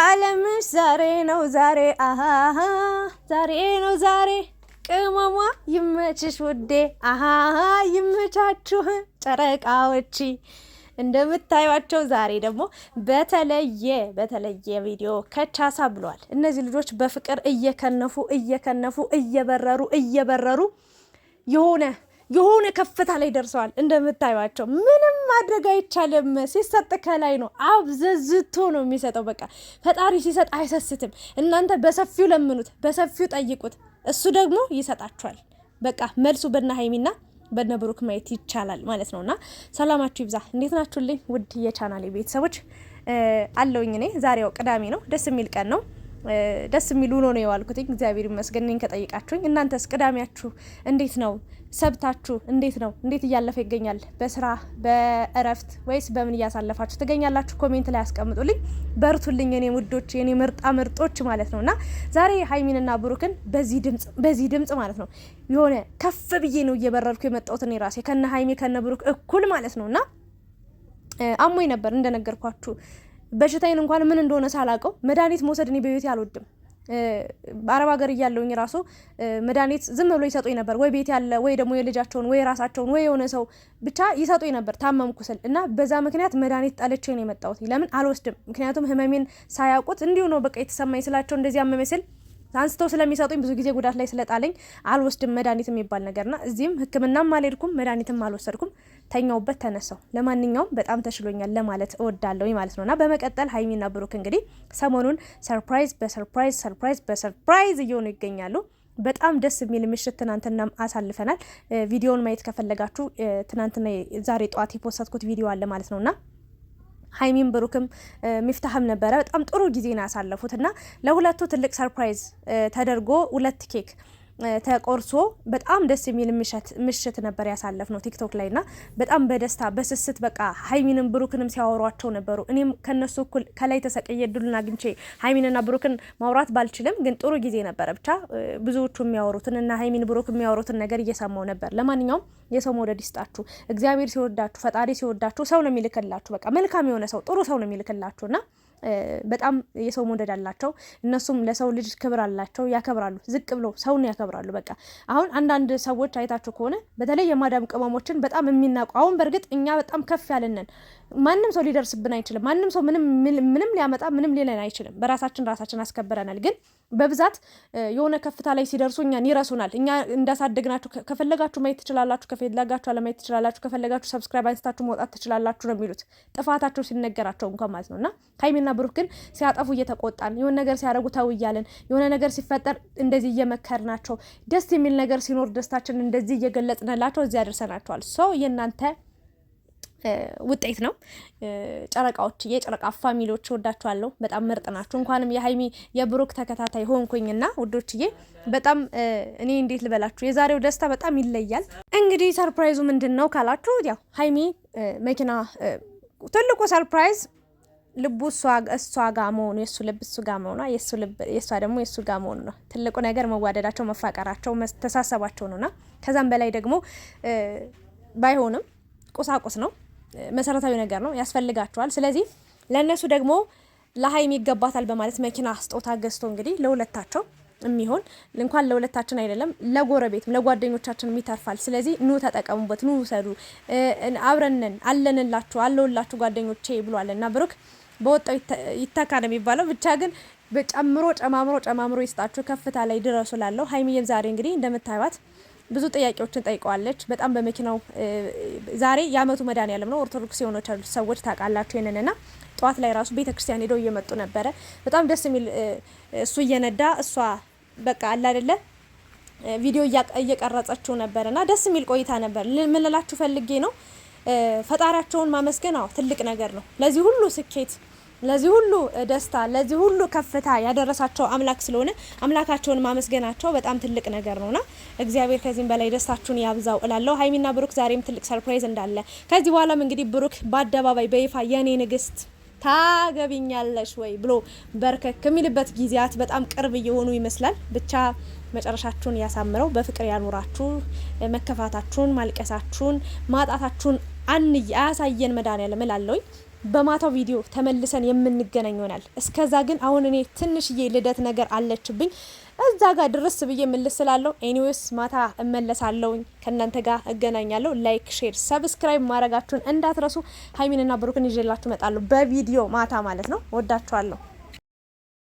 አለምሽ ዛሬ ነው ዛሬ አሃ ዛሬ ነው ዛሬ ቅመሟ ይመችሽ ውዴ አሃ ይመቻችሁ ጨረቃዎች። እንደምታዩቸው ዛሬ ደግሞ በተለየ በተለየ ቪዲዮ ከቻሳ ብሏል። እነዚህ ልጆች በፍቅር እየከነፉ እየከነፉ እየበረሩ እየበረሩ የሆነ የሆነ ከፍታ ላይ ደርሰዋል። እንደምታዩቸው ምንም ማድረግ አይቻልም። ሲሰጥ ከላይ ነው፣ አብዘዝቶ ነው የሚሰጠው። በቃ ፈጣሪ ሲሰጥ አይሰስትም። እናንተ በሰፊው ለምኑት፣ በሰፊው ጠይቁት፣ እሱ ደግሞ ይሰጣችኋል። በቃ መልሱ በነ ሀይሚና በነ ብሩክ ማየት ይቻላል ማለት እና ሰላማችሁ ይብዛ። እንዴት ናችሁልኝ ውድ የቻናሌ ቤተሰቦች? አለውኝ እኔ ዛሬው ቅዳሜ ነው፣ ደስ የሚል ቀን ነው። ደስ የሚል ውሎ ነው የዋልኩትኝ። እግዚአብሔር ይመስገን። እኔን ከጠይቃችሁኝ እናንተስ ቅዳሜያችሁ እንዴት ነው? ሰብታችሁ እንዴት ነው? እንዴት እያለፈ ይገኛል? በስራ በእረፍት ወይስ በምን እያሳለፋችሁ ትገኛላችሁ? ኮሜንት ላይ ያስቀምጡልኝ። በርቱልኝ የኔ ውዶች፣ የኔ ምርጣ ምርጦች ማለት ነው እና ዛሬ ሀይሚንና ብሩክን በዚህ ድምጽ በዚህ ድምጽ ማለት ነው የሆነ ከፍ ብዬ ነው እየበረርኩ የመጣሁት እኔ ራሴ ከነ ሀይሚ ከነ ብሩክ እኩል ማለት ነው እና አሞኝ ነበር እንደነገርኳችሁ በሽታዬን እንኳን ምን እንደሆነ ሳላውቀው መድኃኒት መውሰድ እኔ በቤቴ አልወድም። አረብ ሀገር እያለውኝ ራሱ መድኃኒት ዝም ብሎ ይሰጡኝ ነበር። ወይ ቤት ያለ ወይ ደግሞ የልጃቸውን ወይ ራሳቸውን ወይ የሆነ ሰው ብቻ ይሰጡኝ ነበር ታመምኩ ስል እና በዛ ምክንያት መድኃኒት ጠልቼ ነው የመጣሁት። ለምን አልወስድም? ምክንያቱም ህመሜን ሳያውቁት እንዲሁ ነው በቃ የተሰማኝ ስላቸው እንደዚህ አመመኝ ስል አንስተው ስለሚሰጡኝ ብዙ ጊዜ ጉዳት ላይ ስለጣለኝ አልወስድም መድኃኒት የሚባል ነገርና እዚህም ሕክምናም አልሄድኩም መድኃኒትም አልወሰድኩም። ተኛውበት ተነሳው። ለማንኛውም በጣም ተሽሎኛል ለማለት እወዳለሁ ማለት ነውና በመቀጠል ሀይሚና ብሩክ እንግዲህ ሰሞኑን ሰርፕራይዝ በሰርፕራይዝ ሰርፕራይዝ በሰርፕራይዝ እየሆኑ ይገኛሉ። በጣም ደስ የሚል ምሽት ትናንትና አሳልፈናል። ቪዲዮውን ማየት ከፈለጋችሁ ትናንትና ዛሬ ጠዋት የፖስትኩት ቪዲዮ አለ ማለት ነውና ሀይሚን ብሩክም ሚፍታህም ነበረ። በጣም ጥሩ ጊዜ ነው ያሳለፉት እና ለሁለቱ ትልቅ ሰርፕራይዝ ተደርጎ ሁለት ኬክ ተቆርሶ በጣም ደስ የሚል ምሽት ነበር ያሳለፍ ነው ቲክቶክ ላይ እና በጣም በደስታ በስስት በቃ ሀይሚንም ብሩክንም ሲያወሯቸው ነበሩ። እኔም ከነሱ እኩል ከላይ ተሰቀየ እድሉን አግኝቼ ሀይሚንና ብሩክን ማውራት ባልችልም ግን ጥሩ ጊዜ ነበረ። ብቻ ብዙዎቹ የሚያወሩትን እና ሀይሚን ብሩክ የሚያወሩትን ነገር እየሰማው ነበር። ለማንኛውም የሰው መውደድ ይስጣችሁ። እግዚአብሔር ሲወዳችሁ፣ ፈጣሪ ሲወዳችሁ ሰው ነው የሚልክላችሁ። በቃ መልካም የሆነ ሰው ጥሩ ሰው ነው የሚልክላችሁ እና በጣም የሰው መውደድ አላቸው። እነሱም ለሰው ልጅ ክብር አላቸው፣ ያከብራሉ። ዝቅ ብለው ሰውን ያከብራሉ። በቃ አሁን አንዳንድ ሰዎች አይታቸው ከሆነ በተለይ የማዳም ቅመሞችን በጣም የሚናቁ አሁን በእርግጥ እኛ በጣም ከፍ ያለንን ማንም ሰው ሊደርስብን አይችልም። ማንም ሰው ምንም ሊያመጣ ምንም ሊለን አይችልም። በራሳችን ራሳችን አስከብረናል። ግን በብዛት የሆነ ከፍታ ላይ ሲደርሱ እኛን ይረሱናል። እኛ እንዳሳደግናችሁ ከፈለጋችሁ ማየት ትችላላችሁ፣ ከፈለጋችሁ አለማየት ትችላላችሁ፣ ከፈለጋችሁ ሰብስክራይብ አንስታችሁ መውጣት ትችላላችሁ ነው የሚሉት ጥፋታቸው ሲነገራቸው እንኳን ማለት ነው እና ሀይሚና ብሩክ ግን ሲያጠፉ እየተቆጣን የሆነ ነገር ሲያደርጉ ተው እያለን የሆነ ነገር ሲፈጠር እንደዚህ ናቸው ደስ የሚል ነገር ሲኖር ደስታችን እንደዚህ እየገለጽንላቸው እዚህ ናቸዋል። ሰው የእናንተ ውጤት ነው። ጨረቃዎች የጨረቃ ፋሚሊዎች ወዳችኋለሁ። በጣም ምርጥ ናችሁ። እንኳንም የሀይሚ የብሩክ ተከታታይ ሆንኩኝና ውዶችዬ፣ በጣም እኔ እንዴት ልበላችሁ፣ የዛሬው ደስታ በጣም ይለያል። እንግዲህ ሰርፕራይዙ ምንድን ነው ካላችሁ፣ ያው ሀይሚ መኪና ትልቁ ሰርፕራይዝ ልቡ እሷ ጋ መሆኑ የእሱ ልብ እሱ ጋ መሆኗ የእሷ ደግሞ የእሱ ጋ መሆኑ ነው ትልቁ ነገር። መዋደዳቸው፣ መፋቀራቸው፣ መተሳሰባቸው ነውና ከዛም በላይ ደግሞ ባይሆንም ቁሳቁስ ነው፣ መሰረታዊ ነገር ነው፣ ያስፈልጋቸዋል። ስለዚህ ለእነሱ ደግሞ ለሀይም ይገባታል በማለት መኪና ስጦታ ገዝቶ እንግዲህ ለሁለታቸው የሚሆን እንኳን ለሁለታችን አይደለም ለጎረቤትም ለጓደኞቻችንም ይተርፋል። ስለዚህ ኑ ተጠቀሙበት፣ ኑ ውሰዱ፣ አብረንን አለንላችሁ፣ አለውላችሁ ጓደኞቼ ብሏል እና ብሩክ በወጣው ይተካ ነው የሚባለው። ብቻ ግን ጨምሮ ጨማምሮ ጨማምሮ ይስጣችሁ፣ ከፍታ ላይ ድረሱ ላለው ሀይሚዬም ዛሬ እንግዲህ እንደምታዩት ብዙ ጥያቄዎችን ጠይቀዋለች። በጣም በመኪናው ዛሬ የአመቱ መድኃኔዓለም ነው። ኦርቶዶክስ የሆኖች አሉ ሰዎች ታውቃላችሁ ይህንንና ጠዋት ላይ ራሱ ቤተክርስቲያን ሄደው እየመጡ ነበረ። በጣም ደስ የሚል እሱ እየነዳ እሷ በቃ አለ አይደለ ቪዲዮ እየቀረጸችው ነበርና ደስ የሚል ቆይታ ነበር። ምን ልላችሁ ፈልጌ ነው ፈጣሪያቸውን ማመስገን አዎ ትልቅ ነገር ነው። ለዚህ ሁሉ ስኬት፣ ለዚህ ሁሉ ደስታ፣ ለዚህ ሁሉ ከፍታ ያደረሳቸው አምላክ ስለሆነ አምላካቸውን ማመስገናቸው በጣም ትልቅ ነገር ነውና እግዚአብሔር ከዚህም በላይ ደስታችሁን ያብዛው እላለሁ። ሀይሚና ብሩክ ዛሬም ትልቅ ሰርፕራይዝ እንዳለ ከዚህ በኋላም እንግዲህ ብሩክ በአደባባይ በይፋ የኔ ንግስት ታገቢኛለሽ ወይ ብሎ በርከክ ከሚልበት ጊዜያት በጣም ቅርብ እየሆኑ ይመስላል። ብቻ መጨረሻችሁን ያሳምረው፣ በፍቅር ያኑራችሁ። መከፋታችሁን፣ ማልቀሳችሁን፣ ማጣታችሁን አንይ አያሳየን መድኃኒዓለም እላለሁኝ። በማታው ቪዲዮ ተመልሰን የምንገናኝ ይሆናል። እስከዛ ግን አሁን እኔ ትንሽዬ ልደት ነገር አለችብኝ እዛ ጋር ድረስ ብዬ ምልስ ኤኒዌስ ማታ እመለሳለሁኝ። ከእናንተ ጋር እገናኛለሁ። ላይክ፣ ሼር፣ ሰብስክራይብ ማድረጋችሁን እንዳትረሱ። ሀይሚንና ብሩክን ይዤላችሁ እመጣለሁ በቪዲዮ ማታ ማለት ነው። ወዳችኋለሁ።